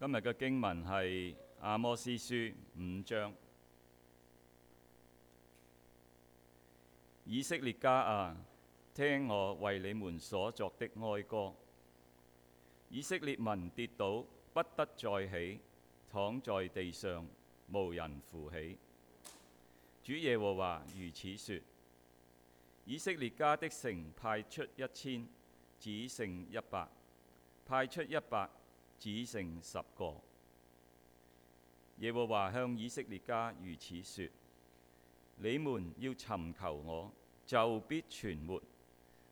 今日嘅經文係《阿摩斯書》五章。以色列家啊，聽我為你們所作的哀歌。以色列民跌倒，不得再起，躺在地上，無人扶起。主耶和華如此說：以色列家的城派出一千，只剩一百；派出一百，只剩十個，耶和華向以色列家如此說：你們要尋求我，就必存活；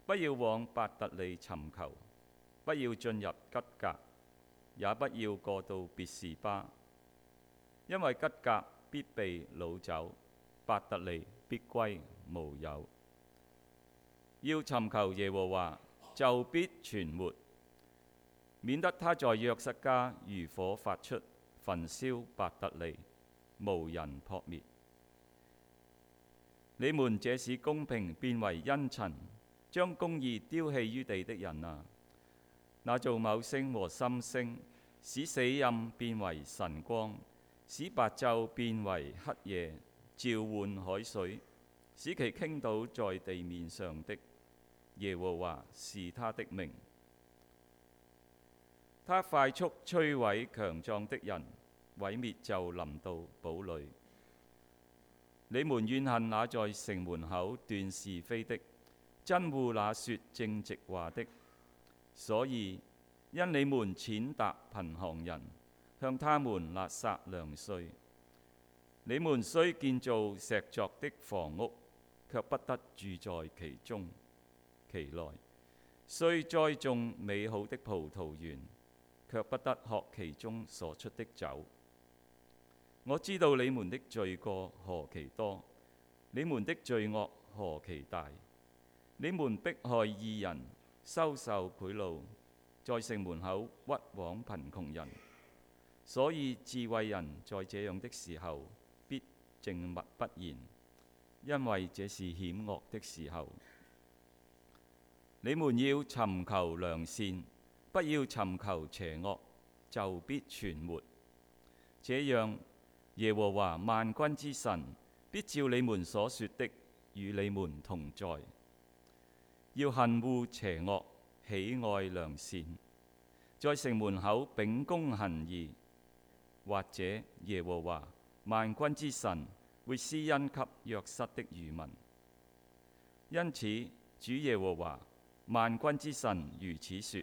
不要往伯特利尋求，不要進入吉格，也不要過到別是巴，因為吉格必被擄走，伯特利必歸無有。要尋求耶和華，就必存活。免得他在約瑟家如火發出，焚燒伯特利，無人撲滅。你們這使公平變為茵陳，將公義丟棄於地的人啊！那造昴星和參星，使死蔭變為晨光，使白晝變為黑夜，召喚海水，使其傾倒在地面上的耶和華是他的名。他快速摧毀強壯的人，毀滅就臨到堡壘。你們怨恨那在城門口斷是非的，憎惡那說正直話的，所以因你們踐踏貧窮人，向他們勒索糧稅。你們雖建造石鑿的房屋，卻不得住在其中；其內雖栽種美好的葡萄園，卻不得喝其中所出的酒。我知道你們的罪過何其多，你們的罪惡何其大。你們迫害義人，收受賄賂，在城門口屈枉貧窮人。所以智慧人在這樣的時候必靜默不言，因為這是險惡的時候。你們要尋求良善。不要尋求邪惡，就必存活。這樣，耶和華萬君之神必照你們所說的與你們同在。要恨惡邪惡，喜愛良善，在城門口秉公行義，或者耶和華萬軍之神會施恩給約瑟的餘民。因此，主耶和華萬軍之神如此說。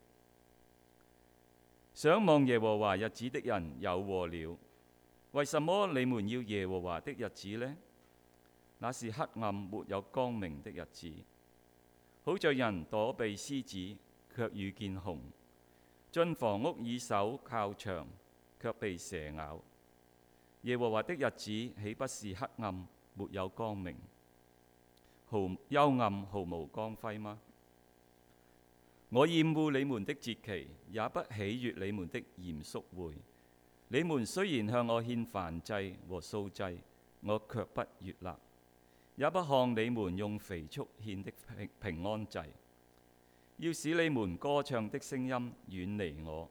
想望耶和華日子的人有禍了！為什麼你們要耶和華的日子呢？那是黑暗沒有光明的日子。好像人躲避獅子，卻遇見熊；進房屋以手靠牆，卻被蛇咬。耶和華的日子豈不是黑暗沒有光明，毫幽暗毫無光輝嗎？我厭惡你們的節期，也不喜悦你們的嚴肅會。你們雖然向我獻燔祭和素祭，我却不悦納；也不看你們用肥畜獻的平安祭，要使你們歌唱的聲音遠離我，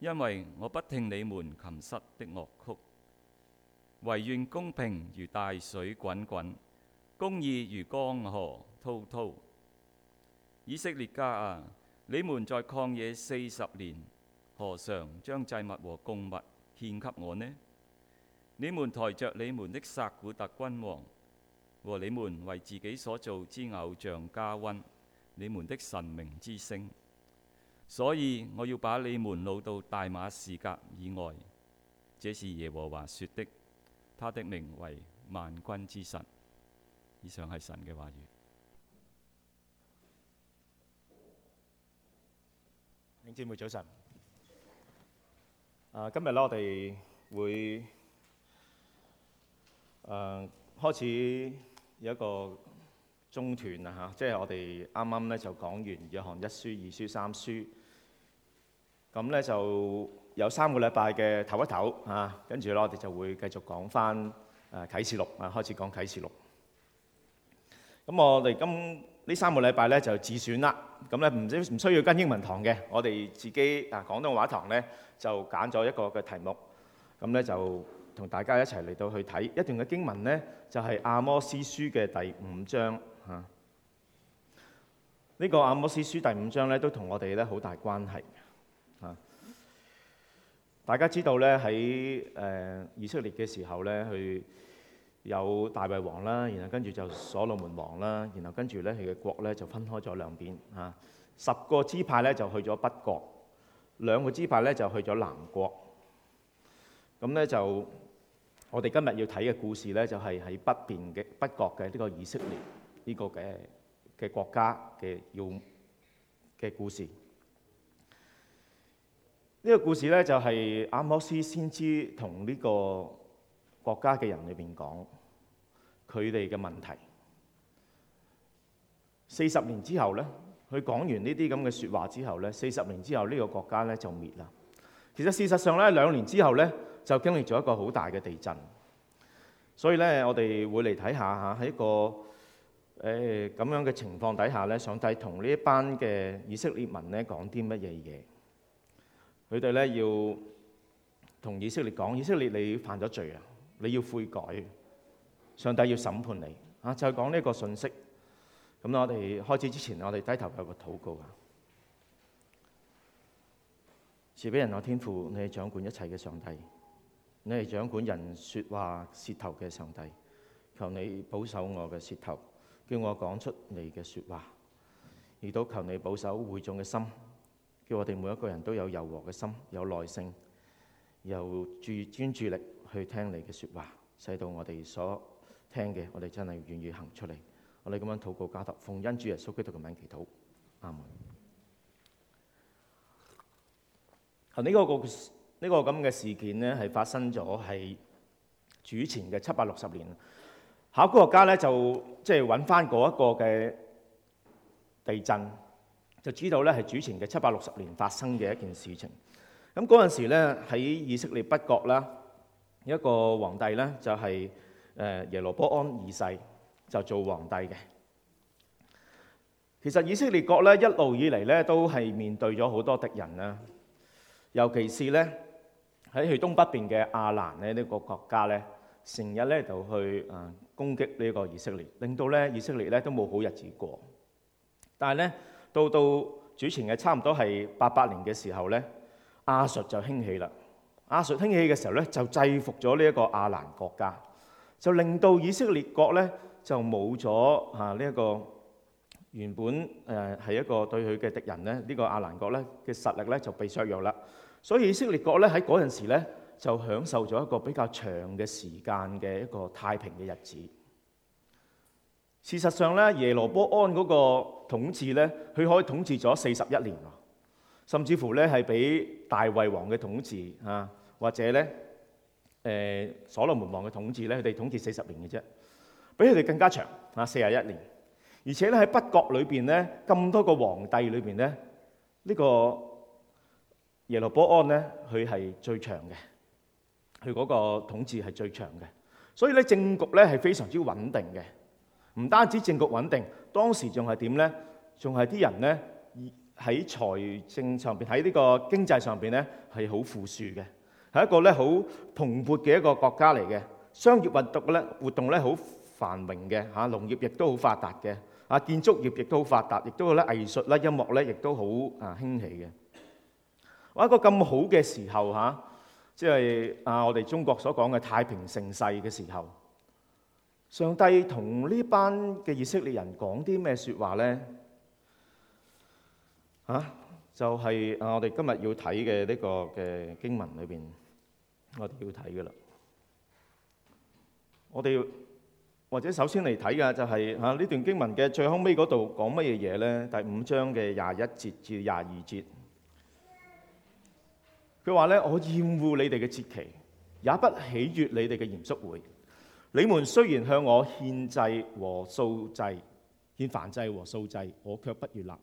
因為我不聽你們琴瑟的樂曲。惟願公平如大水滾滾，公義如江河滔滔。以色列家啊，你們在曠野四十年，何嘗將祭物和供物獻給我呢？你們抬着你們的薩古特君王，和你們為自己所造之偶像加溫，你們的神明之星。所以我要把你們擄到大馬士革以外。這是耶和華說的，他的名為萬君之神。以上係神嘅話語。領姐妹早晨。啊，今日咧我哋會啊、呃、開始有一個中段啊嚇，即係我哋啱啱咧就講完《約翰一書二書三書》呢，咁咧就有三個禮拜嘅唞一唞啊，跟住咧我哋就會繼續講翻《啊啟示錄》啊，開始講啟《啟示錄》。咁我哋今呢三個禮拜咧就自選啦，咁咧唔需唔需要跟英文堂嘅，我哋自己啊廣東話堂咧就揀咗一個嘅題目，咁咧就同大家一齊嚟到去睇一段嘅經文咧，就係、是、阿摩司書嘅第五章嚇。呢、啊這個阿摩司書第五章咧都同我哋咧好大關係嚇、啊。大家知道咧喺誒以色列嘅時候咧去。有大衛王啦，然後跟住就所羅門王啦，然後跟住咧佢嘅國咧就分開咗兩邊嚇，十個支派咧就去咗北國，兩個支派咧就去咗南國。咁咧就我哋今日要睇嘅故事咧，就係、是、喺北邊嘅北國嘅呢個以色列呢個嘅嘅國家嘅要嘅故事。呢、這個故事咧就係、是、阿摩斯先知同呢、這個。國家嘅人裏邊講佢哋嘅問題。四十年之後呢，佢講完呢啲咁嘅説話之後呢，四十年之後呢個國家呢就滅啦。其實事實上呢，兩年之後呢，就經歷咗一個好大嘅地震。所以呢，我哋會嚟睇下嚇喺一個誒咁、呃、樣嘅情況底下呢，上帝同呢一班嘅以色列民呢講啲乜嘢嘢？佢哋呢要同以色列講：以色列，你犯咗罪啊！你要悔改，上帝要審判你。啊，就係講呢個信息。咁我哋開始之前，我哋低頭有個禱告啊。賜俾人我天父，你係掌管一切嘅上帝，你係掌管人說話舌頭嘅上帝。求你保守我嘅舌頭，叫我講出你嘅說話。亦都求你保守會眾嘅心，叫我哋每一個人都有柔和嘅心，有耐性，又注專注力。去聽你嘅説話，使到我哋所聽嘅，我哋真係願意行出嚟。我哋咁樣禱告交託，奉恩主耶穌基督嘅名祈禱，阿門。啊、呢個，呢、呢個、呢個呢個咁嘅事件咧，係發生咗喺主前嘅七百六十年。考古學家咧就即係揾翻嗰一個嘅地震，就知道咧係主前嘅七百六十年發生嘅一件事情。咁嗰陣時咧喺以色列北國啦。一個皇帝咧就係、是、誒耶羅波安二世就做皇帝嘅。其實以色列國咧一路以嚟咧都係面對咗好多敵人啦，尤其是咧喺去東北邊嘅亞蘭咧呢個國家咧，成日咧就去誒攻擊呢個以色列，令到咧以色列咧都冇好日子過。但係咧到到主前嘅差唔多係八八年嘅時候咧，亞述就興起啦。亞述興起嘅時候咧，就制服咗呢一個亞蘭國家，就令到以色列國咧就冇咗嚇呢一個原本誒係一個對佢嘅敵人咧，呢個亞蘭國咧嘅實力咧就被削弱啦。所以以色列國咧喺嗰陣時咧就享受咗一個比較長嘅時間嘅一個太平嘅日子。事實上咧，耶羅波安嗰個統治咧，佢可以統治咗四十一年，甚至乎咧係比大衛王嘅統治嚇。或者咧，誒、呃、所羅門王嘅統治咧，佢哋統治四十年嘅啫，比佢哋更加長嚇四十一年。而且咧喺北國裏邊咧，咁多個皇帝裏邊咧，呢、這個耶路波安咧，佢係最長嘅，佢嗰個統治係最長嘅。所以咧，政局咧係非常之穩定嘅，唔單止政局穩定，當時仲係點咧？仲係啲人咧喺財政上邊喺呢個經濟上邊咧係好富庶嘅。係一個咧好蓬勃嘅一個國家嚟嘅，商業運動咧活動咧好繁榮嘅嚇，農業亦都好發達嘅，啊建築業亦都好發達，亦都咧藝術咧音樂咧亦都好啊興起嘅。喎一個咁好嘅時候嚇，即係啊我哋中國所講嘅太平盛世嘅時候，上帝同呢班嘅以色列人講啲咩說話咧？嚇就係啊我哋今日要睇嘅呢個嘅經文裏邊。我哋要睇噶啦。我哋要，或者首先嚟睇嘅就係嚇呢段經文嘅最後尾嗰度講乜嘢嘢咧？第五章嘅廿一節至廿二節，佢話咧：我厭惡你哋嘅節期，也不喜悅你哋嘅嚴肅會。你們雖然向我獻祭和素祭，獻燔祭和素祭，我卻不悦納，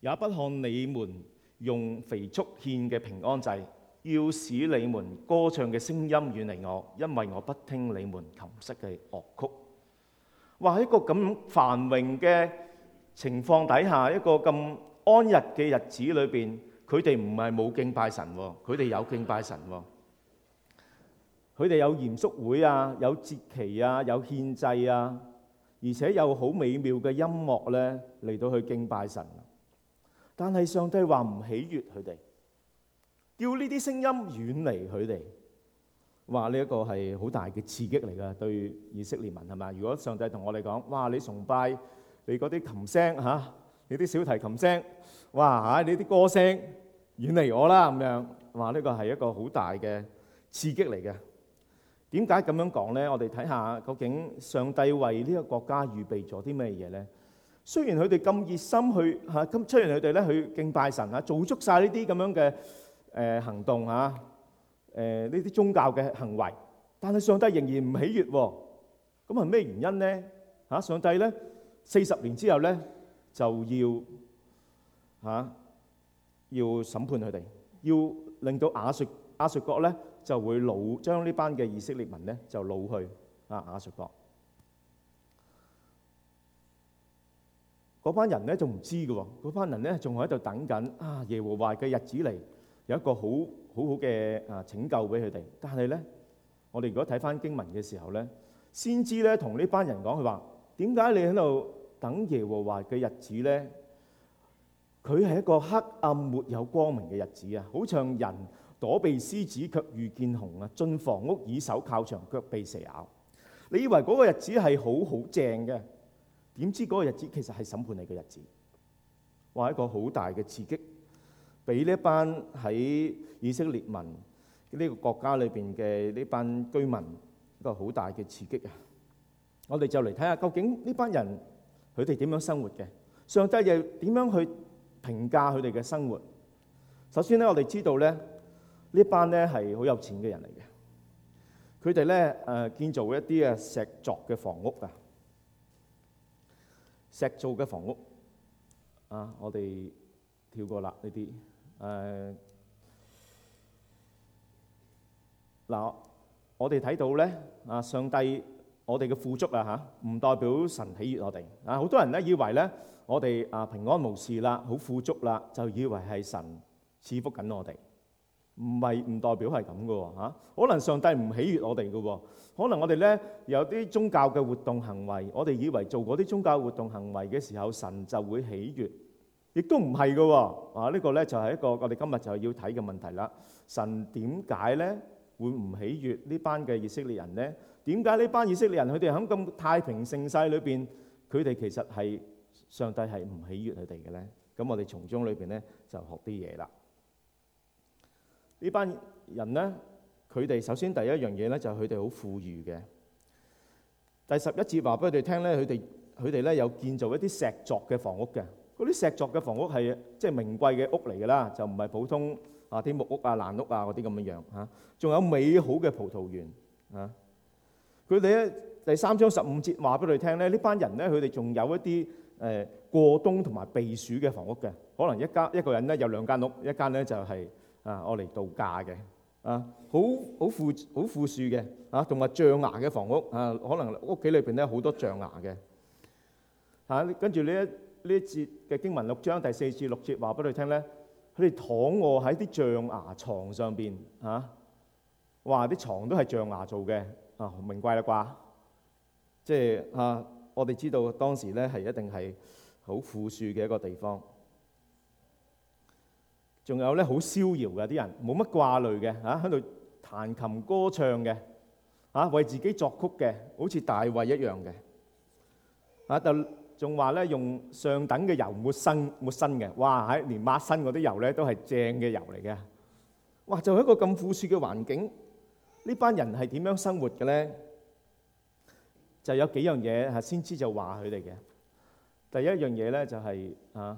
也不看你們用肥畜獻嘅平安祭。要使你們歌唱嘅聲音遠離我，因為我不聽你們琴瑟嘅樂曲。話喺一個咁繁榮嘅情況底下，一個咁安逸嘅日子裏邊，佢哋唔係冇敬拜神，佢哋有敬拜神。佢哋有嚴肅會啊，有節期啊，有獻祭啊，而且有好美妙嘅音樂呢嚟到去敬拜神。但係上帝話唔喜悅佢哋。要呢啲聲音遠離佢哋，話呢一個係好大嘅刺激嚟㗎，對以色列民係咪？如果上帝同我哋講：哇！你崇拜你嗰啲琴聲吓，你啲小提琴聲，哇吓，你啲歌聲，遠離我啦咁樣。話呢個係一個好大嘅刺激嚟嘅。點解咁樣講咧？我哋睇下究竟上帝為呢個國家預備咗啲咩嘢咧？雖然佢哋咁熱心去吓，咁雖然佢哋咧去敬拜神嚇，做足晒呢啲咁樣嘅。誒行動嚇，誒呢啲宗教嘅行為，但係上帝仍然唔喜悅喎。咁係咩原因呢？嚇，上帝咧四十年之後咧就要嚇要審判佢哋，要令到亞述亞述國咧就會老，將呢班嘅以色列民咧就老去啊！亞述國。嗰班人咧就唔知㗎喎，嗰班人咧仲係喺度等緊啊耶和華嘅日子嚟。有一個好好好嘅啊拯救俾佢哋，但係咧，我哋如果睇返經文嘅時候咧，先知咧同呢班人講佢話：點解你喺度等耶和華嘅日子咧？佢係一個黑暗沒有光明嘅日子啊！好像人躲避獅子卻遇見熊啊，進房屋，以手靠牆，腳被蛇咬。你以為嗰個日子係好好正嘅，點知嗰個日子其實係審判你嘅日子，話一個好大嘅刺激。俾呢一班喺以色列民呢個國家裏邊嘅呢班居民一個好大嘅刺激啊！我哋就嚟睇下究竟呢班人佢哋點樣生活嘅？上帝又點樣去評價佢哋嘅生活？首先咧，我哋知道咧，呢班咧係好有錢嘅人嚟嘅。佢哋咧誒建造一啲啊石,石造嘅房屋啊，石造嘅房屋啊，我哋跳過啦呢啲。誒嗱，我哋睇到咧啊，上帝我哋嘅富足啊嚇，唔代表神喜悅我哋啊！好多人咧以為咧，我哋啊平安無事啦，好富足啦，就以為係神賜福緊我哋，唔係，唔代表係咁噶喎嚇。可能上帝唔喜悅我哋噶喎，可能我哋咧有啲宗教嘅活動行為，我哋以為做嗰啲宗教活動行為嘅時候，神就會喜悅。亦都唔係嘅喎啊！呢個咧就係一個我哋今日就係要睇嘅問題啦。神點解咧會唔喜悅呢班嘅以色列人咧？點解呢班以色列人佢哋喺咁太平盛世裏邊，佢哋其實係上帝係唔喜悅佢哋嘅咧？咁我哋從中裏邊咧就學啲嘢啦。呢班人咧，佢哋首先第一樣嘢咧就係佢哋好富裕嘅。第十一節話俾佢哋聽咧，佢哋佢哋咧有建造一啲石作嘅房屋嘅。嗰啲石作嘅房屋係即係名貴嘅屋嚟㗎啦，就唔係普通啊啲木屋啊、爛屋啊嗰啲咁樣樣嚇。仲有美好嘅葡萄園嚇。佢哋咧第三章十五節話俾你聽咧，呢班人咧佢哋仲有一啲誒過冬同埋避暑嘅房屋嘅，可能一家一個人咧有兩間屋，一間咧就係啊，我嚟度假嘅啊，好好富好富庶嘅嚇，同埋象牙嘅房屋啊，可能屋企裏邊咧好多象牙嘅嚇，跟住呢一。呢一節嘅經文六章第四至六節話俾你聽咧，佢哋躺臥喺啲象牙床上邊嚇，話、哇、啲床都係象牙做嘅，啊名貴啦啩，即係、就是、啊，我哋知道當時咧係一定係好富庶嘅一個地方，仲有咧好逍遙嘅啲人，冇乜掛慮嘅嚇，喺度彈琴歌唱嘅嚇、啊，為自己作曲嘅，好似大衞一樣嘅嚇，就、啊。仲話咧用上等嘅油抹身，抹身嘅，哇！喺連抹身嗰啲油咧都係正嘅油嚟嘅，哇！就係一個咁富庶嘅環境，呢班人係點樣生活嘅咧？就有幾樣嘢係先知就話佢哋嘅，第一樣嘢咧就係、是、啊，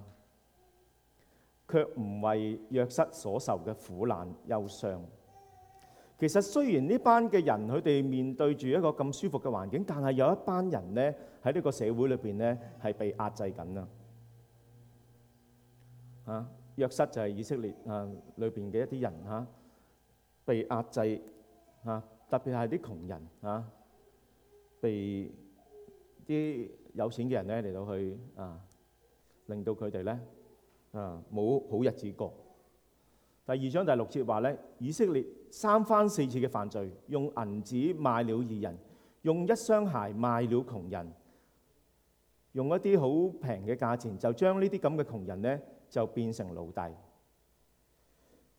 卻唔為約瑟所受嘅苦難憂傷。其實雖然呢班嘅人佢哋面對住一個咁舒服嘅環境，但係有一班人咧喺呢個社會裏邊咧係被壓制緊啦。啊，弱勢就係以色列啊裏邊嘅一啲人嚇、啊，被壓制嚇、啊，特別係啲窮人嚇、啊，被啲有錢嘅人咧嚟到去啊，令到佢哋咧啊冇好日子過。第二章第六節話咧，以色列。三番四次嘅犯罪，用銀紙賣了義人，用一雙鞋賣了窮人，用一啲好平嘅價錢就將呢啲咁嘅窮人呢就變成奴隸。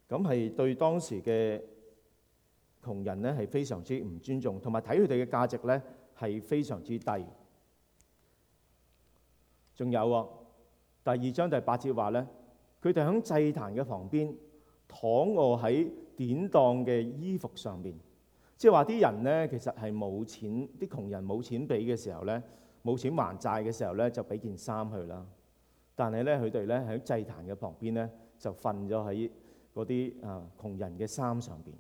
咁係對當時嘅窮人呢係非常之唔尊重，同埋睇佢哋嘅價值呢係非常之低。仲有啊，第二章第八節話呢，佢哋喺祭壇嘅旁邊躺卧喺典當嘅衣服上邊，即係話啲人咧，其實係冇錢，啲、呃、窮人冇錢俾嘅時候咧，冇錢還債嘅時候咧，就俾件衫去啦。但係咧，佢哋咧喺祭壇嘅旁邊咧，就瞓咗喺嗰啲啊窮人嘅衫上邊。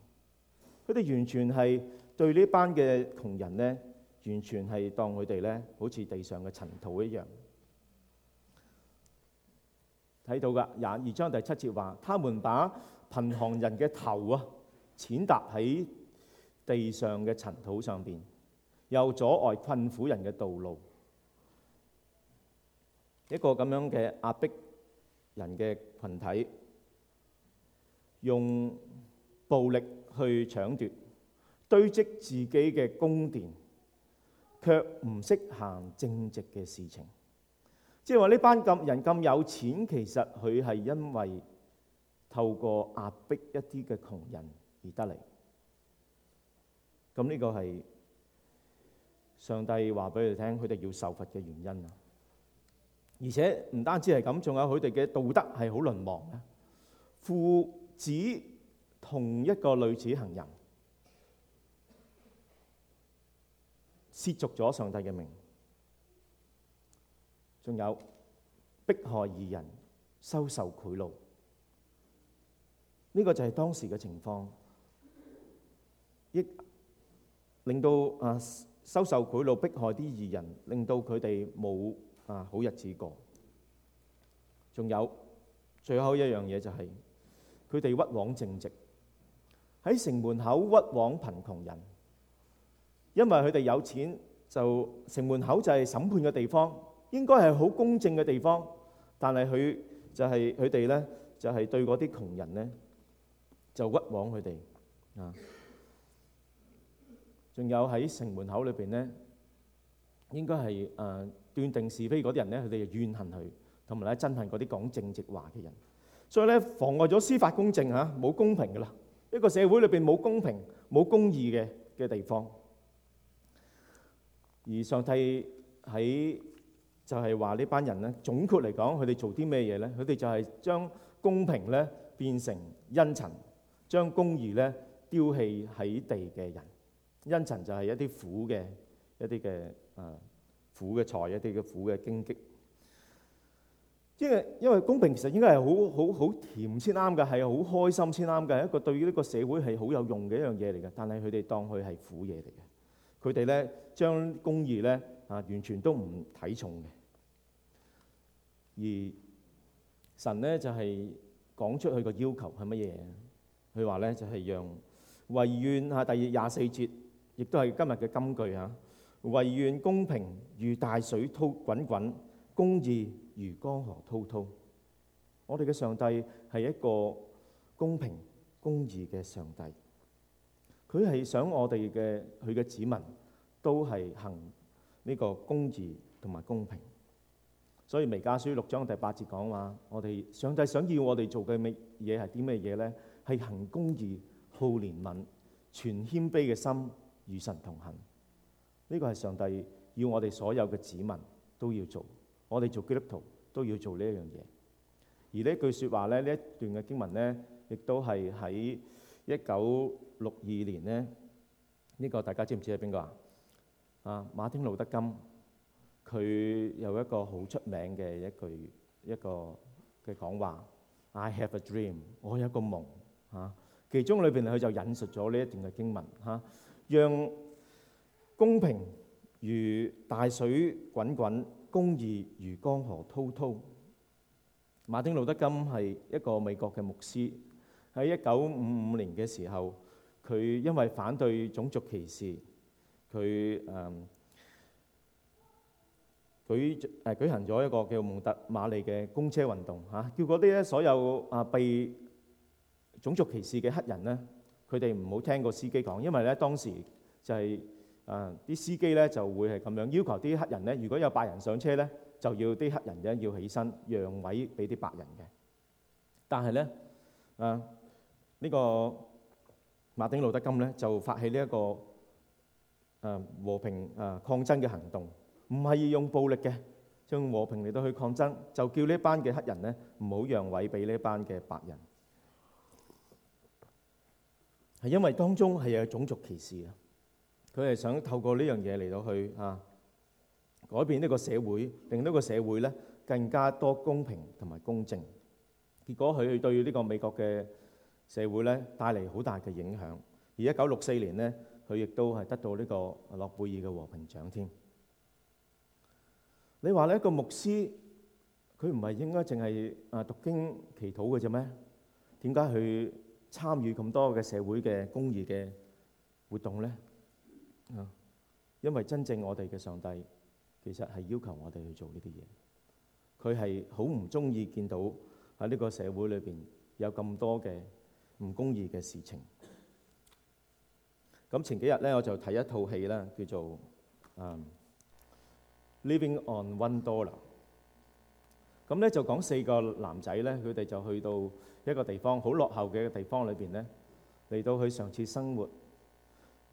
佢哋完全係對窮呢班嘅窮人咧，完全係當佢哋咧好似地上嘅塵土一樣。睇到噶廿二章第七節話，他們把，貧寒人嘅頭啊，踐踏喺地上嘅塵土上邊，又阻礙困苦人嘅道路。一個咁樣嘅壓迫人嘅群體，用暴力去搶奪、堆積自己嘅宮殿，卻唔識行正直嘅事情。即係話呢班咁人咁有錢，其實佢係因為，透過壓迫一啲嘅窮人而得嚟，咁呢個係上帝話俾佢哋聽，佢哋要受罰嘅原因啊！而且唔單止係咁，仲有佢哋嘅道德係好淪亡嘅，父子同一個女子行人，涉足咗上帝嘅命，仲有逼害二人收受賄賂。呢個就係當時嘅情況，亦令到啊收受賄賂、迫害啲義人，令到佢哋冇啊好日子過。仲有最後一樣嘢就係佢哋屈枉正直，喺城門口屈枉貧窮人，因為佢哋有錢，就城門口就係審判嘅地方，應該係好公正嘅地方，但係佢就係佢哋咧就係、是、對嗰啲窮人咧。就屈枉佢哋啊！仲有喺城門口裏邊咧，應該係誒斷定是非嗰啲人咧，佢哋就怨恨佢，同埋咧憎恨嗰啲講正直話嘅人，所以咧妨礙咗司法公正嚇，冇公平噶啦！一個社會裏邊冇公平、冇公義嘅嘅地方。而上帝喺就係話呢班人咧，總括嚟講，佢哋做啲咩嘢咧？佢哋就係將公平咧變成茵蔯。將公義咧丟棄喺地嘅人，茵蔯就係一啲苦嘅一啲嘅啊苦嘅財，一啲嘅、呃、苦嘅荊棘。因為因為公平其實應該係好好好甜先啱嘅，係好開心先啱嘅，一個對於呢個社會係好有用嘅一樣嘢嚟嘅。但係佢哋當佢係苦嘢嚟嘅，佢哋咧將公義咧啊完全都唔睇重嘅。而神咧就係、是、講出佢個要求係乜嘢？佢話咧就係讓唯願嚇，第二十四節，亦都係今日嘅金句嚇。唯願公平如大水滔，滾滾，公義如江河滔滔。我哋嘅上帝係一個公平公義嘅上帝，佢係想我哋嘅佢嘅子民都係行呢個公義同埋公平。所以《彌迦書》六章第八節講話，我哋上帝想要我哋做嘅嘅嘢係啲咩嘢咧？係行公義、好憐憫、全謙卑嘅心，與神同行。呢個係上帝要我哋所有嘅子民都要做。我哋做基督徒都要做呢一樣嘢。而呢句説話咧，呢一段嘅經文咧，亦都係喺一九六二年呢。呢、呢個大家知唔知係邊個啊？啊，馬丁路德金，佢有一個好出名嘅一句一個嘅講話：I have a dream。我有一個夢。嚇，其中裏邊佢就引述咗呢一段嘅經文嚇，讓公平如大水滾滾，公義如江河滔滔。馬丁路德金係一個美國嘅牧師。喺一九五五年嘅時候，佢因為反對種族歧視，佢誒舉誒舉行咗一個叫蒙特馬利嘅公車運動嚇，叫嗰啲咧所有啊被種族歧視嘅黑人咧，佢哋唔好聽個司機講，因為咧當時就係啊啲司機咧就會係咁樣要求啲黑人咧，如果有白人上車咧，就要啲黑人咧要起身讓位俾啲白人嘅。但係咧啊呢個馬丁路德金咧就發起呢一個誒和平誒抗爭嘅行動，唔係要用暴力嘅，用和平嚟到去抗爭，就叫呢班嘅黑人咧唔好讓位俾呢班嘅白人。係因為當中係有種族歧視啊！佢係想透過呢樣嘢嚟到去啊改變呢個社會，令呢個社會咧更加多公平同埋公正。結果佢對呢個美國嘅社會咧帶嚟好大嘅影響。而一九六四年咧，佢亦都係得到呢個諾貝爾嘅和平獎添。你話咧，一個牧師佢唔係應該淨係啊讀經祈禱嘅啫咩？點解佢參與咁多嘅社會嘅公義嘅活動咧，啊，因為真正我哋嘅上帝其實係要求我哋去做呢啲嘢，佢係好唔鍾意見到喺呢個社會裏邊有咁多嘅唔公義嘅事情。咁前幾日咧，我就睇一套戲啦，叫做啊，《Living on One Dollar》，咁咧就講四個男仔咧，佢哋就去到，一個地方好落後嘅地方裏邊咧，嚟到去嘗試生活，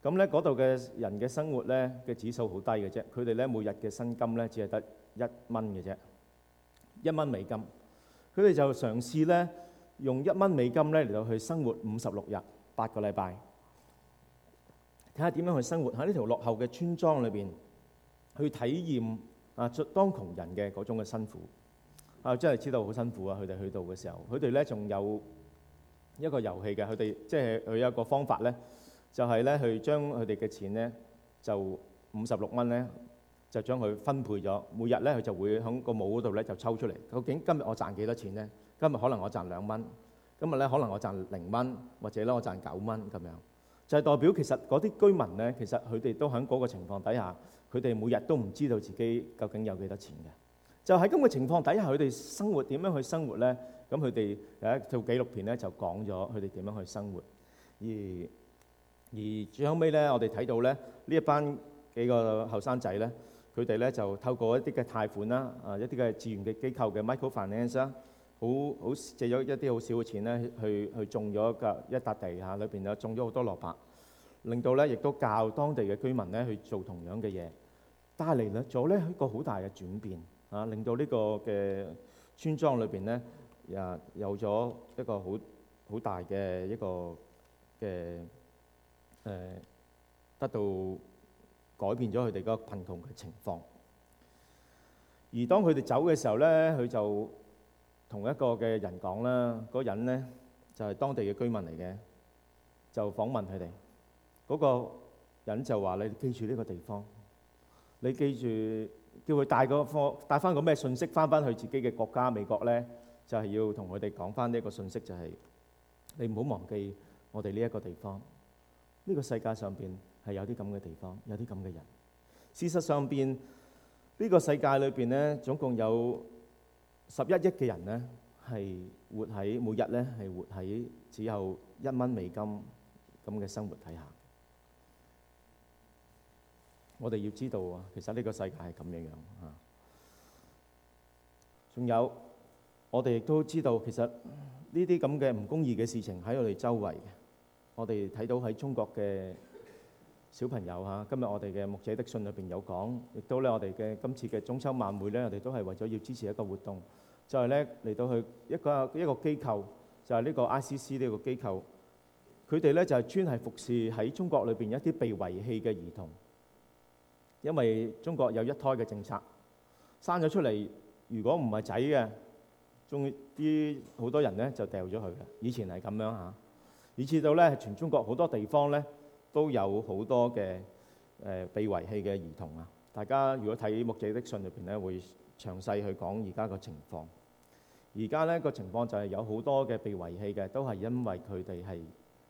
咁咧嗰度嘅人嘅生活咧嘅指數好低嘅啫，佢哋咧每日嘅薪金咧只係得一蚊嘅啫，一蚊美金，佢哋就嘗試咧用一蚊美金咧嚟到去生活五十六日，八個禮拜，睇下點樣去生活喺呢條落後嘅村莊裏邊，去體驗啊當窮人嘅嗰種嘅辛苦。啊！真係知道好辛苦啊！佢哋去到嘅時候，佢哋咧仲有一個遊戲嘅，佢哋即係佢有一個方法咧，就係咧去將佢哋嘅錢咧就五十六蚊咧就將佢分配咗。每日咧佢就會響個帽嗰度咧就抽出嚟。究竟今日我賺幾多錢咧？今日可能我賺兩蚊，今日咧可能我賺零蚊，或者咧我賺九蚊咁樣，就係代表其實嗰啲居民咧，其實佢哋都喺嗰個情況底下，佢哋每日都唔知道自己究竟有幾多錢嘅。就喺咁嘅情況底下，佢哋生活點樣去生活咧？咁佢哋有一套紀錄片咧，就講咗佢哋點樣去生活。而而最後尾咧，我哋睇到咧呢一班幾個後生仔咧，佢哋咧就透過一啲嘅貸款啦，啊一啲嘅志願嘅機構嘅 Microfinance 啦，好好借咗一啲好少嘅錢咧，去去種咗個一笪地嚇，裏邊又種咗好多蘿蔔，令到咧亦都教當地嘅居民咧去做同樣嘅嘢，帶嚟咗咧一個好大嘅轉變。啊！令到呢個嘅村莊裏邊咧，呀有咗一個好好大嘅一個嘅誒，得到改變咗佢哋個貧窮嘅情況。而當佢哋走嘅時候咧，佢就同一個嘅人講啦，嗰人咧就係當地嘅居民嚟嘅，就訪問佢哋。嗰個人就話：你記住呢個地方，你記住。叫佢帶個貨帶翻個咩信息翻翻去自己嘅國家美國咧，就係、是、要同佢哋講翻呢一個信息，就係、是、你唔好忘記我哋呢一個地方，呢、這個世界上邊係有啲咁嘅地方，有啲咁嘅人。事實上邊呢、這個世界裏邊咧，總共有十一億嘅人咧，係活喺每日咧，係活喺只有一蚊美金咁嘅生活底下。我哋要知道啊，其實呢個世界係咁樣樣啊。仲有，我哋亦都知道，其實呢啲咁嘅唔公義嘅事情喺我哋周圍。我哋睇到喺中國嘅小朋友吓，今日我哋嘅牧者的信裏邊有講，亦都咧我哋嘅今次嘅中秋晚會咧，我哋都係為咗要支持一個活動。就係咧嚟到去一個一個機構，就係呢個 ICC 呢個機構，佢哋咧就係專係服侍喺中國裏邊一啲被遺棄嘅兒童。因為中國有一胎嘅政策，生咗出嚟如果唔係仔嘅，仲啲好多人咧就掉咗佢啦。以前係咁樣嚇，以致到咧全中國好多地方咧都有好多嘅誒被遺棄嘅兒童啊。大家如果睇牧者的信入邊咧，會詳細去講而家個情況。而家咧個情況就係有好多嘅被遺棄嘅，都係因為佢哋係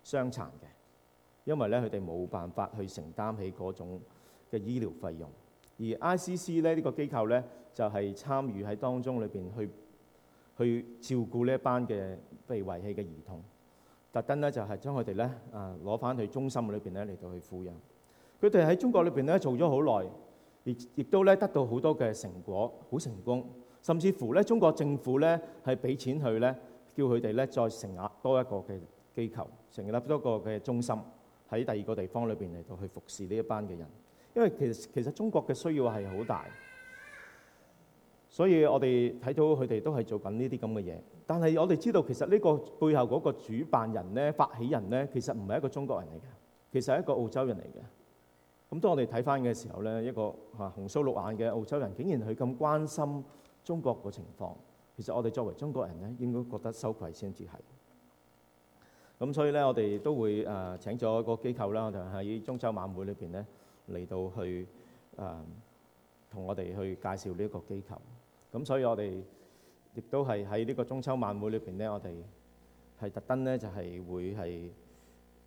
傷殘嘅，因為咧佢哋冇辦法去承擔起嗰種。嘅醫療費用，而 ICC 咧呢個機構咧就係參與喺當中裏邊去去照顧呢一班嘅被遺棄嘅兒童，特登咧就係將佢哋咧啊攞翻去中心裏邊咧嚟到去撫養佢哋，喺中國裏邊咧做咗好耐，而亦都咧得到好多嘅成果，好成功，甚至乎咧中國政府咧係俾錢去咧叫佢哋咧再成立多一個嘅機構，成立多個嘅中心喺第二個地方裏邊嚟到去服侍呢一班嘅人。因為其實其實中國嘅需要係好大，所以我哋睇到佢哋都係做緊呢啲咁嘅嘢。但係我哋知道其實呢個背後嗰個主辦人咧、發起人咧，其實唔係一個中國人嚟嘅，其實係一個澳洲人嚟嘅。咁當我哋睇返嘅時候咧，一個啊紅鬚綠眼嘅澳洲人，竟然佢咁關心中國個情況，其實我哋作為中國人咧，應該覺得羞愧先至係。咁所以咧，我哋都會誒請咗個機構啦，我哋喺中秋晚會裏邊咧。嚟到去誒、呃、同我哋去介紹呢一個機構，咁所以我哋亦都係喺呢個中秋晚會裏邊咧，我哋係特登咧就係、是、會係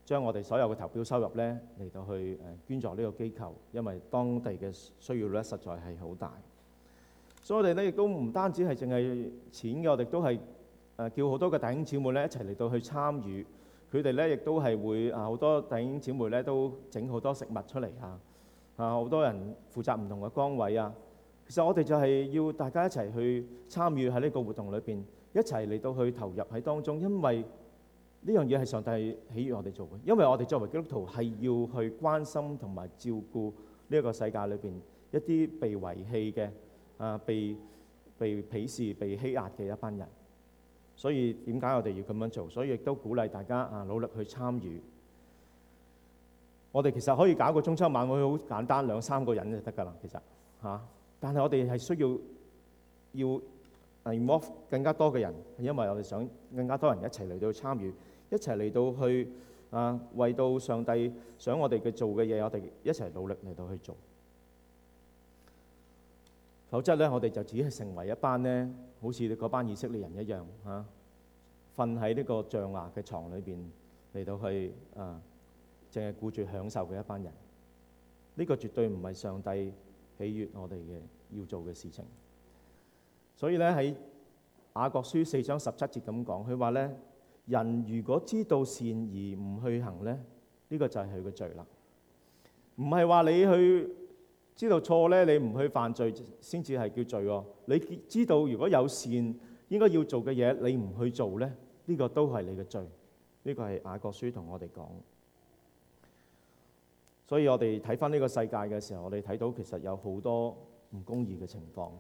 將我哋所有嘅投標收入咧嚟到去誒捐助呢個機構，因為當地嘅需要咧實在係好大，所以我哋咧亦都唔單止係淨係錢嘅，我哋都係誒叫好多嘅弟兄姊妹咧一齊嚟到去參與。佢哋咧亦都係會啊，好多弟兄姊妹咧都整好多食物出嚟啊！啊，好多人負責唔同嘅崗位啊。其實我哋就係要大家一齊去參與喺呢個活動裏邊，一齊嚟到去投入喺當中，因為呢樣嘢係上帝喜悅我哋做嘅。因為我哋作為基督徒係要去關心同埋照顧呢個世界裏邊一啲被遺棄嘅啊，被被鄙視、被欺壓嘅一班人。所以點解我哋要咁樣做？所以亦都鼓勵大家啊，努力去參與。我哋其實可以搞個中秋晚會，好簡單，兩三個人就得㗎啦。其實嚇、啊，但係我哋係需要要 bring off 更加多嘅人，因為我哋想更加多人一齊嚟到參與，一齊嚟到去啊，為到上帝想我哋嘅做嘅嘢，我哋一齊努力嚟到去做。否則咧，我哋就只係成為一班咧，好似嗰班以色列人一樣嚇，瞓喺呢個象牙嘅床裏邊嚟到去啊，淨係顧住享受嘅一班人。呢個絕對唔係上帝喜悅我哋嘅要做嘅事情。所以咧，喺雅各書四章十七節咁講，佢話咧，人如果知道善而唔去行咧，呢個就係佢嘅罪啦。唔係話你去。知道錯咧，你唔去犯罪先至係叫罪喎。你知道如果有善應該要做嘅嘢，你唔去做咧，呢個都係你嘅罪。呢個係雅各書同我哋講。所以我哋睇返呢個世界嘅時候，我哋睇到其實有好多唔公義嘅情況。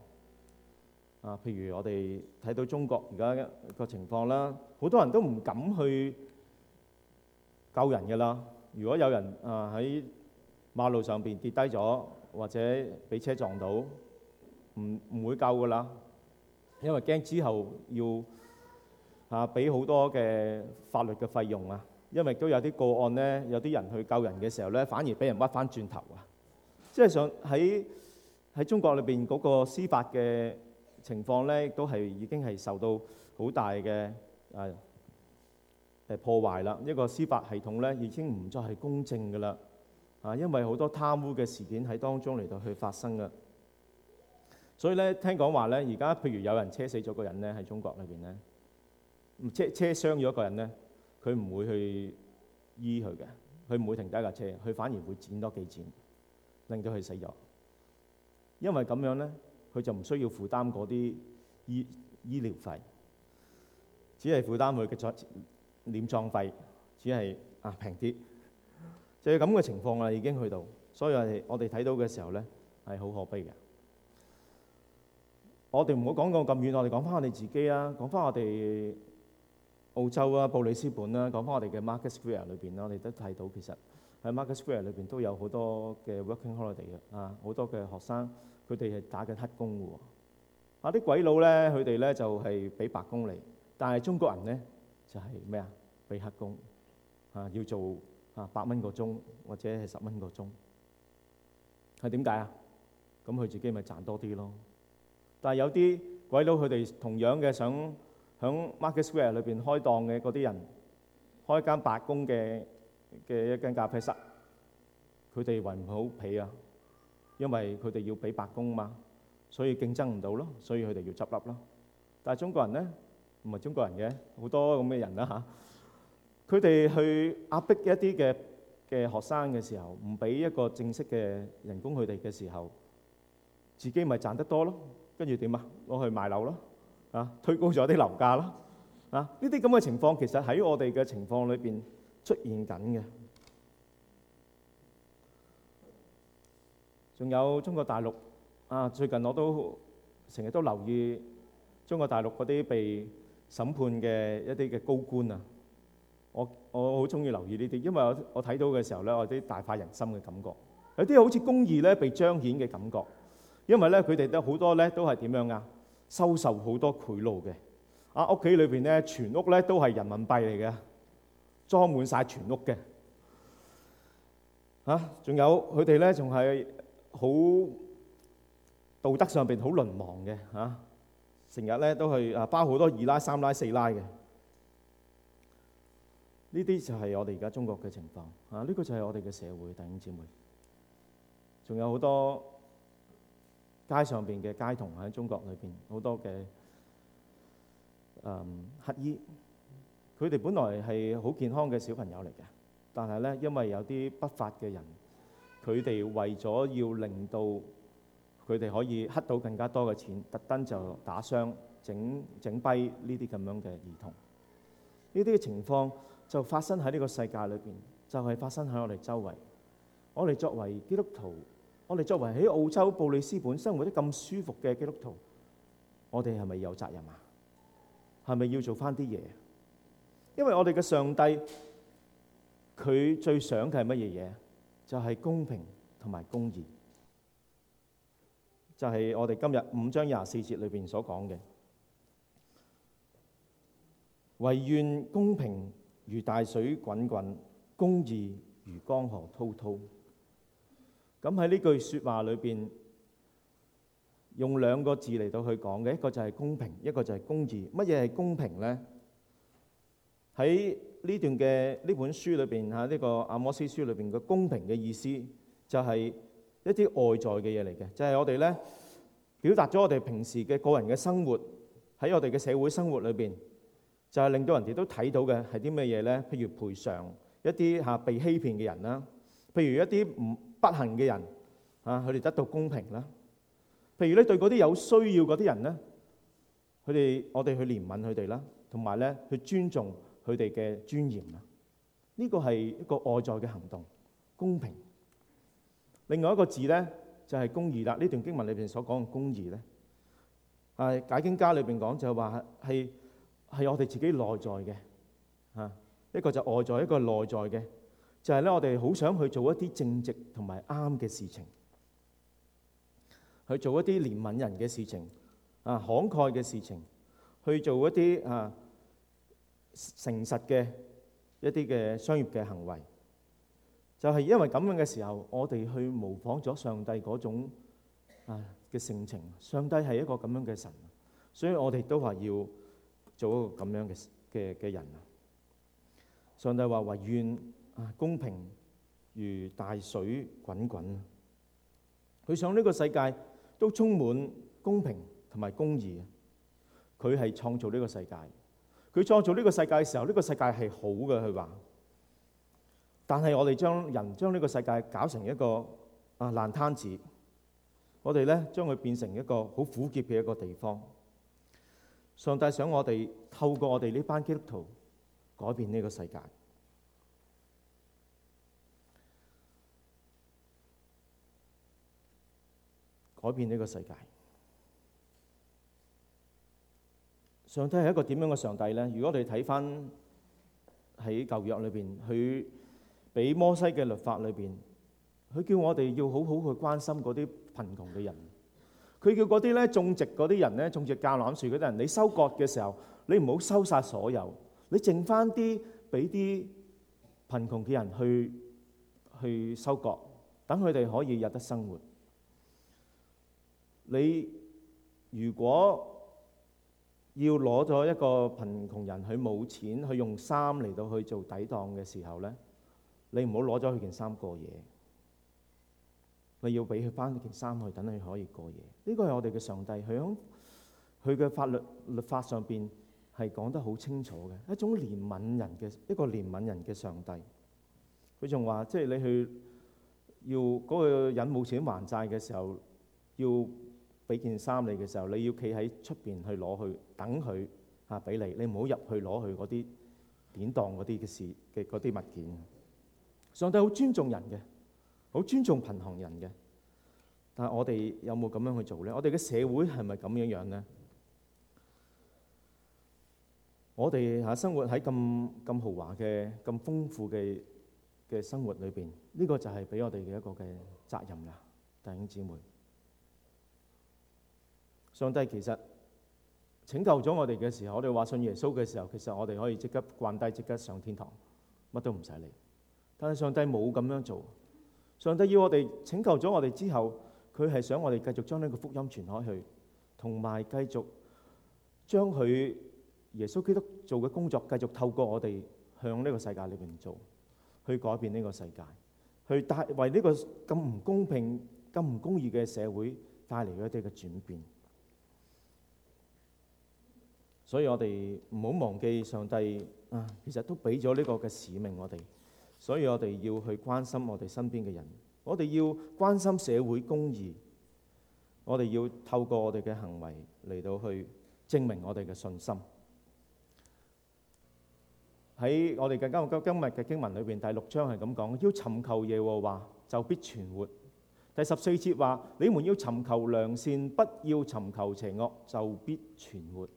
啊，譬如我哋睇到中國而家個情況啦，好多人都唔敢去救人㗎喇。如果有人啊喺馬路上邊跌低咗，或者俾車撞到，唔唔會救噶啦，因為驚之後要啊俾好多嘅法律嘅費用啊。因為都有啲個案咧，有啲人去救人嘅時候咧，反而俾人屈翻轉頭啊。即係想喺喺中國裏邊嗰個司法嘅情況咧，都係已經係受到好大嘅誒誒破壞啦。一個司法系統咧，已經唔再係公正噶啦。啊，因為好多貪污嘅事件喺當中嚟到去發生噶，所以咧聽講話咧，而家譬如有人車死咗個人咧喺中國裏邊咧，車車傷咗一個人咧，佢唔會去醫佢嘅，佢唔會停低架車，佢反而會剪多幾錢，令到佢死咗，因為咁樣咧，佢就唔需要負擔嗰啲醫醫療費，只係負擔佢嘅葬殮葬費，只係啊平啲。就係咁嘅情況啦，已經去到，所以我哋我哋睇到嘅時候咧係好可悲嘅。我哋唔好講到咁遠，我哋講翻我哋自己啦，講翻我哋澳洲啊布里斯本啦，講翻我哋嘅 Market Square 裏邊啦，我哋都睇到其實喺 Market Square 裏邊都有好多嘅 Working Holiday 嘅啊，好多嘅學生佢哋係打緊黑工嘅喎。啊啲鬼佬咧，佢哋咧就係俾白工嚟，但係中國人咧就係咩啊？俾黑工啊，要做。嚇，八蚊、啊、個鐘或者係十蚊個鐘，係點解啊？咁佢自己咪賺多啲咯。但係有啲鬼佬，佢哋同樣嘅想喺 Market Square 裏邊開檔嘅嗰啲人，開間白宮嘅嘅一間咖啡室，佢哋還唔好俾啊，因為佢哋要俾白宮嘛，所以競爭唔到咯，所以佢哋要執笠啦。但係中國人咧，唔係中國人嘅好多咁嘅人啦嚇。啊佢哋去壓迫一啲嘅嘅學生嘅時候，唔俾一個正式嘅人工，佢哋嘅時候，自己咪賺得多咯？跟住點啊？攞去買樓咯啊，推高咗啲樓價咯啊！呢啲咁嘅情況其實喺我哋嘅情況裏邊出現緊嘅。仲有中國大陸啊，最近我都成日都留意中國大陸嗰啲被審判嘅一啲嘅高官啊。我我好中意留意呢啲，因為我我睇到嘅時候咧，我有啲大快人心嘅感覺，有啲好似公義咧被彰顯嘅感覺，因為咧佢哋都好多咧都係點樣啊？收受好多賄賂嘅，啊屋企裏邊咧全屋咧都係人民幣嚟嘅，裝滿晒全屋嘅，嚇！仲有佢哋咧仲係好道德上邊好淪亡嘅嚇，成日咧都係啊包好多二奶、三奶、四奶嘅。呢啲就係我哋而家中國嘅情況啊！呢個就係我哋嘅社會，弟兄姊妹，仲有好多街上邊嘅街童喺中國裏邊好多嘅嗯乞兒，佢哋本來係好健康嘅小朋友嚟嘅，但係咧因為有啲不法嘅人，佢哋為咗要令到佢哋可以乞到更加多嘅錢，特登就打傷、整整跛呢啲咁樣嘅兒童。呢啲嘅情況，就發生喺呢個世界裏邊，就係發生喺我哋周圍。我哋作為基督徒，我哋作為喺澳洲布里斯本生活得咁舒服嘅基督徒，我哋係咪有責任啊？係咪要做翻啲嘢？因為我哋嘅上帝，佢最想嘅係乜嘢嘢？就係公平同埋公義。就係我哋今日五章廿四節裏邊所講嘅，唯願公平，如大水滾滾，公義如江河滔滔。咁喺呢句説話裏邊，用兩個字嚟到去講嘅，一個就係公平，一個就係公義。乜嘢係公平咧？喺呢段嘅呢本書裏邊嚇，呢、這個阿摩司書裏邊嘅公平嘅意思就，就係一啲外在嘅嘢嚟嘅，就係我哋咧表達咗我哋平時嘅個人嘅生活喺我哋嘅社會生活裏邊。就係令到人哋都睇到嘅係啲咩嘢咧？譬如賠償一啲嚇被欺騙嘅人啦，譬如一啲唔不幸嘅人嚇，佢哋得到公平啦。譬如咧對嗰啲有需要嗰啲人咧，佢哋我哋去憐憫佢哋啦，同埋咧去尊重佢哋嘅尊嚴啊。呢個係一個外在嘅行動，公平。另外一個字咧就係公義啦。呢段經文裏邊所講嘅公義咧，係《解經家》裏邊講就係話係。係我哋自己內在嘅啊，一個就外在，一個內在嘅就係咧。我哋好想去做一啲正直同埋啱嘅事情，去做一啲憐憫人嘅事情啊，慷慨嘅事情，去做一啲啊誠實嘅一啲嘅商業嘅行為。就係因為咁樣嘅時候，我哋去模仿咗上帝嗰種啊嘅性情。上帝係一個咁樣嘅神，所以我哋都話要做一個咁樣嘅嘅嘅人啊！上帝話，唯願啊公平如大水滾滾啊！佢想呢個世界都充滿公平同埋公義。佢係創造呢個世界，佢創造呢個世界嘅時候，呢個世界係好嘅，佢話。但係我哋將人將呢個世界搞成一個啊爛攤子，我哋咧將佢變成一個好苦澀嘅一個地方。上帝想我哋透過我哋呢班基督徒改變呢個世界，改變呢個世界。上帝係一個點樣嘅上帝呢？如果我哋睇翻喺舊約裏邊，佢俾摩西嘅律法裏邊，佢叫我哋要好好去關心嗰啲貧窮嘅人。佢叫嗰啲咧種植嗰啲人咧，種植橄欖樹嗰啲人，你收割嘅時候，你唔好收曬所有，你剩翻啲俾啲貧窮嘅人去去收割，等佢哋可以有得生活。你如果要攞咗一個貧窮人去冇錢，去用衫嚟到去做抵當嘅時候咧，你唔好攞咗佢件衫過夜。你要俾佢翻件衫去，等佢可以過夜。呢個係我哋嘅上帝，佢響佢嘅法律律法上邊係講得好清楚嘅一種憐憫人嘅一個憐憫人嘅上帝。佢仲話，即係你去要嗰個人冇錢還債嘅時候，要俾件衫你嘅時候，你要企喺出邊去攞去等佢嚇俾你，你唔好入去攞去嗰啲典當嗰啲嘅事嘅嗰啲物件。上帝好尊重人嘅。好尊重貧窮人嘅，但係我哋有冇咁樣去做咧？我哋嘅社會係咪咁樣樣咧？我哋啊，生活喺咁咁豪華嘅、咁豐富嘅嘅生活裏邊，呢個就係俾我哋嘅一個嘅責任啦，弟兄姊妹。上帝其實拯救咗我哋嘅時候，我哋話信耶穌嘅時候，其實我哋可以即刻瓜低，即刻上天堂，乜都唔使理。但係上帝冇咁樣做。上帝要我哋拯救咗我哋之後，佢係想我哋繼續將呢個福音傳開去，同埋繼續將佢耶穌基督做嘅工作繼續透過我哋向呢個世界裏邊做，去改變呢個世界，去帶為呢個咁唔公平、咁唔公義嘅社會帶嚟一啲嘅轉變。所以我哋唔好忘記上帝啊，其實都俾咗呢個嘅使命我哋。所以我哋要去關心我哋身邊嘅人，我哋要關心社會公義，我哋要透過我哋嘅行為嚟到去證明我哋嘅信心。喺我哋更加今日嘅經文裏邊，第六章係咁講：要尋求耶和華就必存活。第十四節話：你們要尋求良善，不要尋求邪惡，就必存活。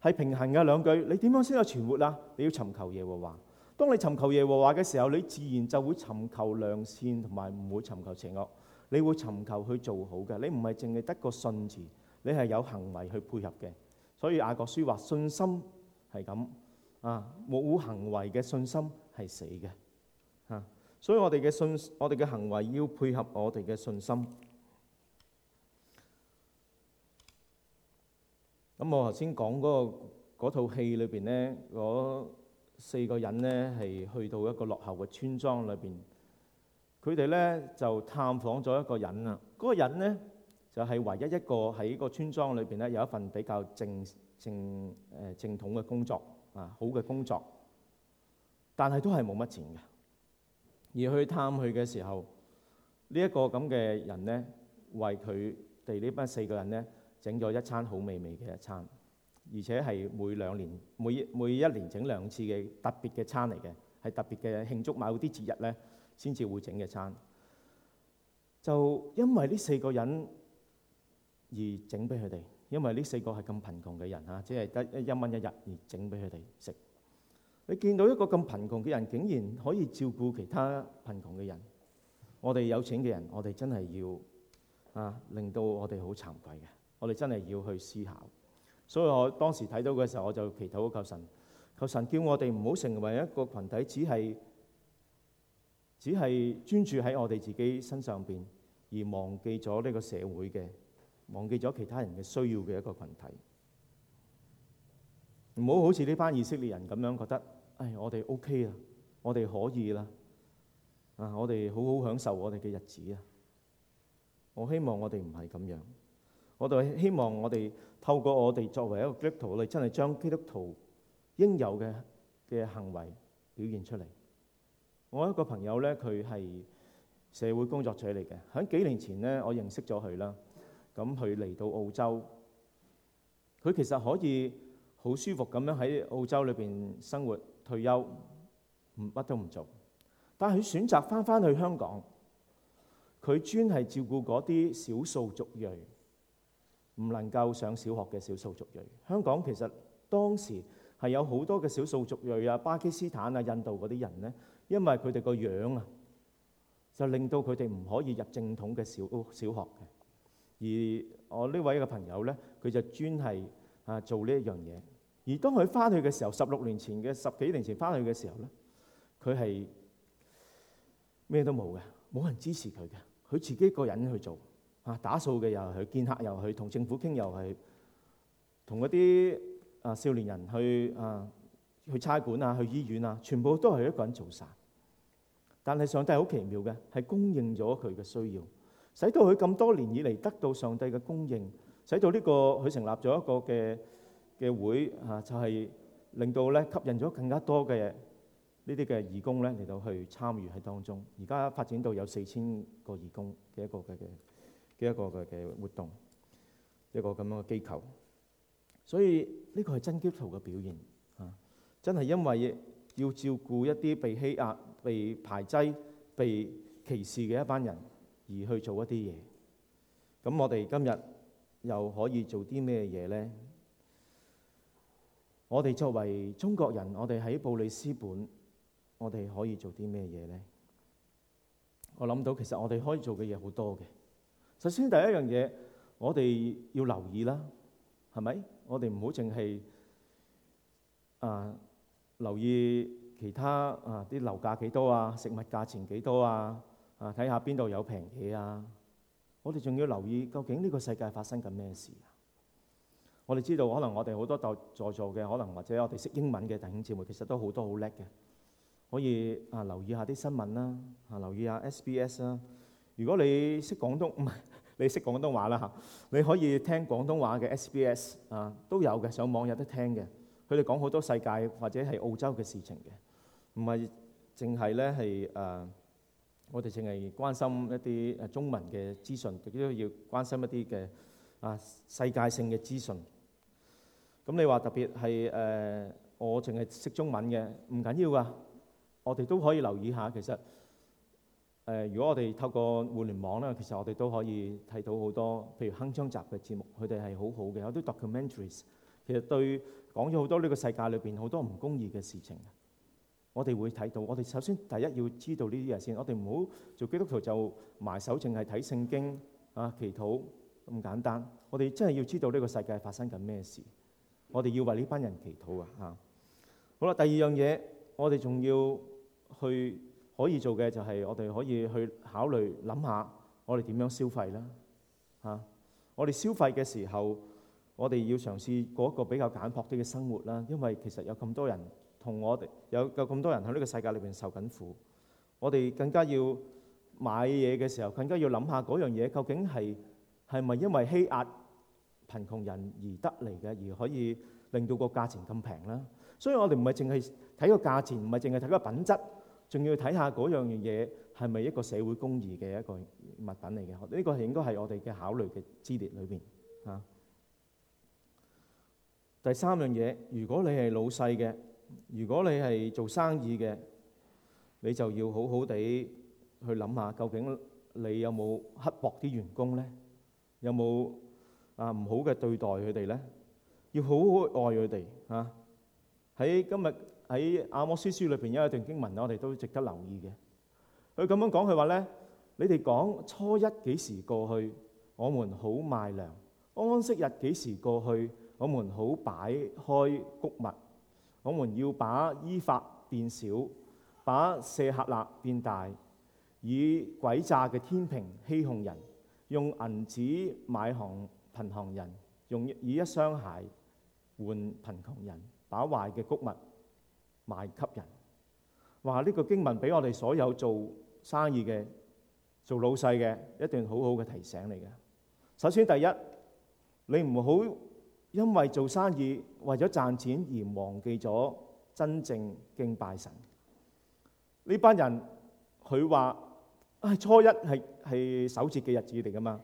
係平衡嘅兩句。你點樣先有存活啊？你要尋求耶和華。當你尋求耶和華嘅時候，你自然就會尋求良善，同埋唔會尋求邪惡。你會尋求去做好嘅，你唔係淨係得個信字，你係有行為去配合嘅。所以雅各書話：信心係咁啊，冇行為嘅信心係死嘅。嚇！所以我哋嘅信，我哋嘅行為要配合我哋嘅信心。咁我頭先講嗰個嗰套戲裏邊咧，嗰四個人呢，係去到一個落後嘅村莊裏邊，佢哋咧就探訪咗一個人啦。嗰、那個人呢，就係、是、唯一一個喺個村莊裏邊咧有一份比較正正誒、呃、正統嘅工作啊，好嘅工作，但係都係冇乜錢嘅。而去探佢嘅時候，呢、這、一個咁嘅人呢，為佢哋呢班四個人呢，整咗一餐好美味嘅一餐。而且係每兩年、每每一年整兩次嘅特別嘅餐嚟嘅，係特別嘅慶祝某啲節日咧，先至會整嘅餐。就因為呢四個人而整俾佢哋，因為呢四個係咁貧窮嘅人啊，即係得一蚊一日而整俾佢哋食。你見到一個咁貧窮嘅人，竟然可以照顧其他貧窮嘅人，我哋有錢嘅人，我哋真係要啊令到我哋好慚愧嘅，我哋真係要去思考。所以我當時睇到嘅時候，我就祈禱求神，求神叫我哋唔好成為一個群體，只係只係專注喺我哋自己身上邊，而忘記咗呢個社會嘅，忘記咗其他人嘅需要嘅一個群體。唔好好似呢班以色列人咁樣覺得，唉，我哋 OK 啦，我哋可以啦，啊，我哋好好享受我哋嘅日子啊。我希望我哋唔係咁樣，我哋希望我哋。透過我哋作為一個基督徒，我真係將基督徒應有嘅嘅行為表現出嚟。我一個朋友咧，佢係社會工作者嚟嘅，喺幾年前咧，我認識咗佢啦。咁佢嚟到澳洲，佢其實可以好舒服咁樣喺澳洲裏邊生活退休，唔乜都唔做，但係佢選擇返返去香港，佢專係照顧嗰啲少數族裔。唔能夠上小學嘅少數族裔，香港其實當時係有好多嘅少數族裔啊，巴基斯坦啊、印度嗰啲人咧，因為佢哋個樣啊，就令到佢哋唔可以入正統嘅小小學嘅。而我呢位嘅朋友咧，佢就專係啊做呢一樣嘢。而當佢翻去嘅時候，十六年前嘅十幾年前翻去嘅時候咧，佢係咩都冇嘅，冇人支持佢嘅，佢自己一個人去做。啊！打掃嘅又去見客，又去同政府傾，又係同嗰啲啊少年人去啊去差館啊，去醫院啊，全部都係一個人做晒。但係上帝好奇妙嘅，係供應咗佢嘅需要，使到佢咁多年以嚟得到上帝嘅供應，使到呢個佢成立咗一個嘅嘅會啊，就係令到咧吸引咗更加多嘅呢啲嘅義工咧嚟到去參與喺當中。而家發展到有四千個義工嘅一個嘅嘅嘅一個嘅嘅活動，一個咁樣嘅機構，所以呢個係真基督徒嘅表現嚇、啊，真係因為要照顧一啲被欺壓、被排擠、被歧視嘅一班人而去做一啲嘢。咁我哋今日又可以做啲咩嘢咧？我哋作為中國人，我哋喺布里斯本，我哋可以做啲咩嘢咧？我諗到其實我哋可以做嘅嘢好多嘅。首先第一樣嘢，我哋要留意啦，係咪？我哋唔好淨係啊留意其他啊啲樓價幾多啊，食物價錢幾多啊，啊睇下邊度有平嘢啊。我哋仲要留意究竟呢個世界發生緊咩事啊？我哋知道可能我哋好多在座嘅，可能或者我哋識英文嘅弟兄姊妹，其實都好多好叻嘅，可以啊、呃、留意下啲新聞啦，啊留意下 SBS 啦、啊。如果你識廣東唔係？你識廣東話啦嚇，你可以聽廣東話嘅 SBS 啊，都有嘅，上網有得聽嘅。佢哋講好多世界或者係澳洲嘅事情嘅，唔係淨係咧係誒，我哋淨係關心一啲誒中文嘅資訊，亦都要關心一啲嘅啊世界性嘅資訊。咁你話特別係誒、呃，我淨係識中文嘅，唔緊要㗎，我哋都可以留意下其實。誒，如果我哋透過互聯網咧，其實我哋都可以睇到好多，譬如《鏗鏘集》嘅節目，佢哋係好好嘅，有啲 documentaries，其實對講咗好多呢個世界裏邊好多唔公義嘅事情。我哋會睇到，我哋首先第一要知道呢啲嘢先。我哋唔好做基督徒就埋首淨係睇聖經啊、祈禱咁簡單。我哋真係要知道呢個世界發生緊咩事，我哋要為呢班人祈禱啊！嚇，好啦，第二樣嘢，我哋仲要去。可以做嘅就係我哋可以去考慮諗下，我哋點樣消費啦？嚇！我哋消費嘅時候，我哋要嘗試過一個比較簡樸啲嘅生活啦。因為其實有咁多人同我哋有有咁多人喺呢個世界裏邊受緊苦，我哋更加要買嘢嘅時候，更加要諗下嗰樣嘢究竟係係咪因為欺壓貧窮人而得嚟嘅，而可以令到個價錢咁平啦。所以我哋唔係淨係睇個價錢，唔係淨係睇個品質。仲要睇下嗰樣嘢係咪一個社會公義嘅一個物品嚟嘅？呢個係應該係我哋嘅考慮嘅資料裏邊嚇。第三樣嘢，如果你係老細嘅，如果你係做生意嘅，你就要好好地去諗下，究竟你有冇刻薄啲員工咧？有冇啊唔好嘅對待佢哋咧？要好好愛佢哋嚇。喺今日。喺《阿摩司書》裏邊有一段經文我哋都值得留意嘅。佢咁樣講，佢話呢：「你哋講初一幾時過去，我們好賣糧；安息日幾時過去，我們好擺開穀物。我們要把依法變小，把舍客勒變大，以詭詐嘅天平欺哄人，用銀子買行貧窮人，用以一雙鞋換貧窮人，把壞嘅穀物，賣給人，話呢個經文俾我哋所有做生意嘅，做老細嘅，一段好好嘅提醒嚟嘅。首先，第一，你唔好因為做生意為咗賺錢而忘記咗真正敬拜神。呢班人佢話：，啊，初一係係首節嘅日子嚟噶嘛，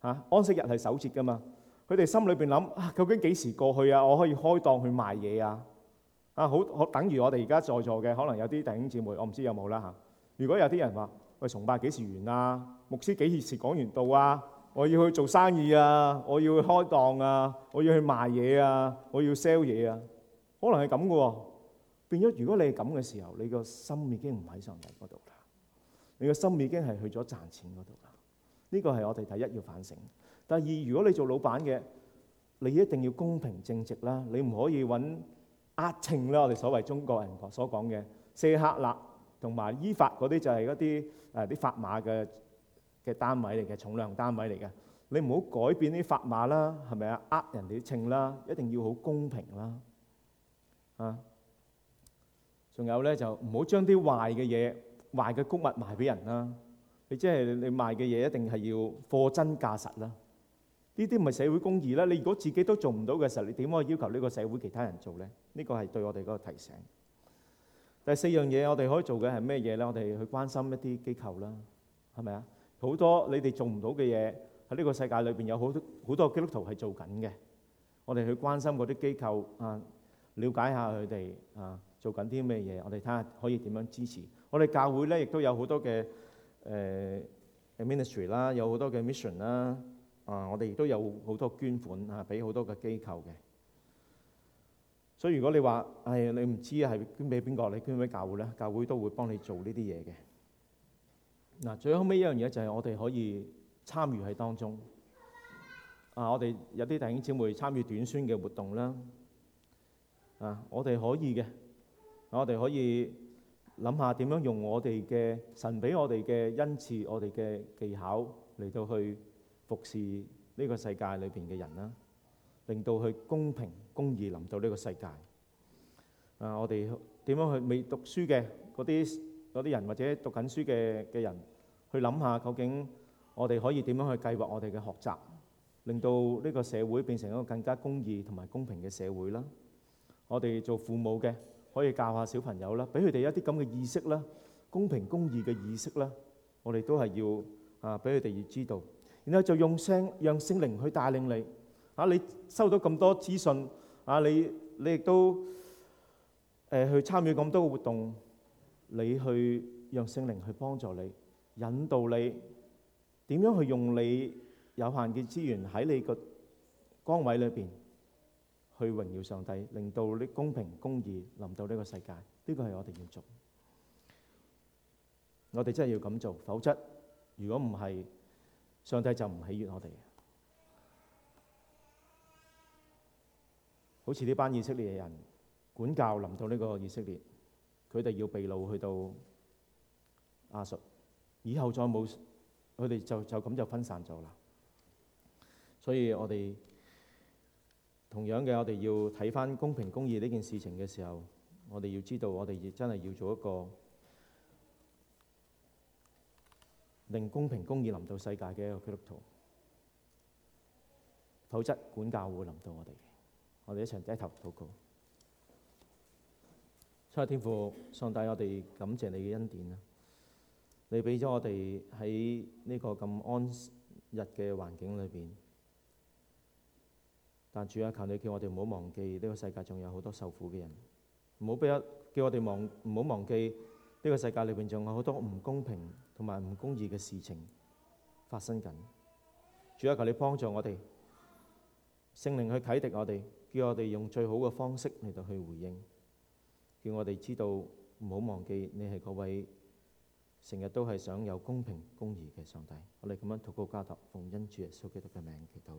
吓安息日係首節噶嘛。佢哋心裏邊諗：，究竟幾時過去啊？我可以開檔去賣嘢啊？啊，好，好，等於我哋而家在座嘅，可能有啲弟兄姊妹，我唔知有冇啦嚇。如果有啲人話，喂，崇拜幾時完啊？牧師幾時講完道啊？我要去做生意啊，我要去開檔啊，我要去賣嘢啊，我要 sell 嘢啊。可能係咁噶喎。變咗，如果你係咁嘅時候，你個心已經唔喺上帝嗰度啦。你個心已經係去咗賺錢嗰度啦。呢個係我哋第一要反省。第二，如果你做老闆嘅，你一定要公平正直啦，你唔可以揾。呃秤啦，我哋所謂中國人講所講嘅，舍客勒同埋依法嗰啲就係一啲誒啲法碼嘅嘅單位嚟嘅，重量單位嚟嘅。你唔好改變啲法碼啦，係咪啊？呃人哋啲秤啦，一定要好公平啦。啊，仲有咧就唔好將啲壞嘅嘢、壞嘅谷物賣俾人啦。你即係你賣嘅嘢一定係要貨真價實啦。呢啲唔係社會公義咧，你如果自己都做唔到嘅時候，你點可以要求呢個社會其他人做咧？呢個係對我哋嗰個提醒。第四樣嘢，我哋可以做嘅係咩嘢咧？我哋去關心一啲機構啦，係咪啊？好多你哋做唔到嘅嘢，喺呢個世界裏邊有好多好多基督徒係做緊嘅。我哋去關心嗰啲機構啊，瞭解下佢哋啊做緊啲咩嘢，我哋睇下可以點樣支持。我哋教會咧亦都有好多嘅誒、呃、ministry 啦，有好多嘅 mission 啦。啊！我哋亦都有好多捐款啊，俾好多嘅機構嘅。所以如果你話係、哎、你唔知係捐俾邊個，你捐俾教會咧，教會都會幫你做呢啲嘢嘅。嗱，最後尾一樣嘢就係我哋可以參與喺當中。啊！我哋有啲弟兄姐妹參與短宣嘅活動啦。啊！我哋可以嘅，我哋可以諗下點樣用我哋嘅神俾我哋嘅恩賜，我哋嘅技巧嚟到去。服侍呢個世界裏邊嘅人啦，令到去公平公義臨到呢個世界。啊，我哋點樣去未讀書嘅嗰啲嗰啲人，或者讀緊書嘅嘅人，去諗下究竟我哋可以點樣去計劃我哋嘅學習，令到呢個社會變成一個更加公義同埋公平嘅社會啦。我哋做父母嘅可以教下小朋友啦，俾佢哋一啲咁嘅意識啦，公平公義嘅意識啦，我哋都係要啊俾佢哋要知道。然後就用聲讓聖靈去帶領你，啊！你收到咁多資訊，啊！你你亦都誒去參與咁多活動，你去讓聖靈去幫助你，引導你點樣去用你有限嘅資源喺你個崗位裏邊去榮耀上帝，令到你公平公義臨到呢個世界。呢個係我哋要做，我哋真係要咁做，否則如果唔係。上帝就唔喜悅我哋，好似呢班以色列人，管教臨到呢個以色列，佢哋要被擄去到亞述，啊，以後再冇，佢哋就就咁就分散咗啦。所以我哋同樣嘅，我哋要睇翻公平公義呢件事情嘅時候，我哋要知道，我哋亦真係要做一個。令公平公義臨到世界嘅一個基督徒，否則管教會臨到我哋嘅，我哋一齊低頭禱告。主啊，天父，上帝，我哋感謝你嘅恩典啊！你俾咗我哋喺呢個咁安逸嘅環境裏邊，但主啊，求你叫我哋唔好忘記呢個世界仲有好多受苦嘅人，唔好俾一叫我哋忘唔好忘記呢個世界裏邊仲有好多唔公平。同埋唔公義嘅事情發生緊，主啊，求你幫助我哋，聖靈去啟迪我哋，叫我哋用最好嘅方式嚟到去回應，叫我哋知道唔好忘記你係嗰位成日都係想有公平公義嘅上帝。我哋咁樣禱告交託，奉恩主耶穌基督嘅名祈禱。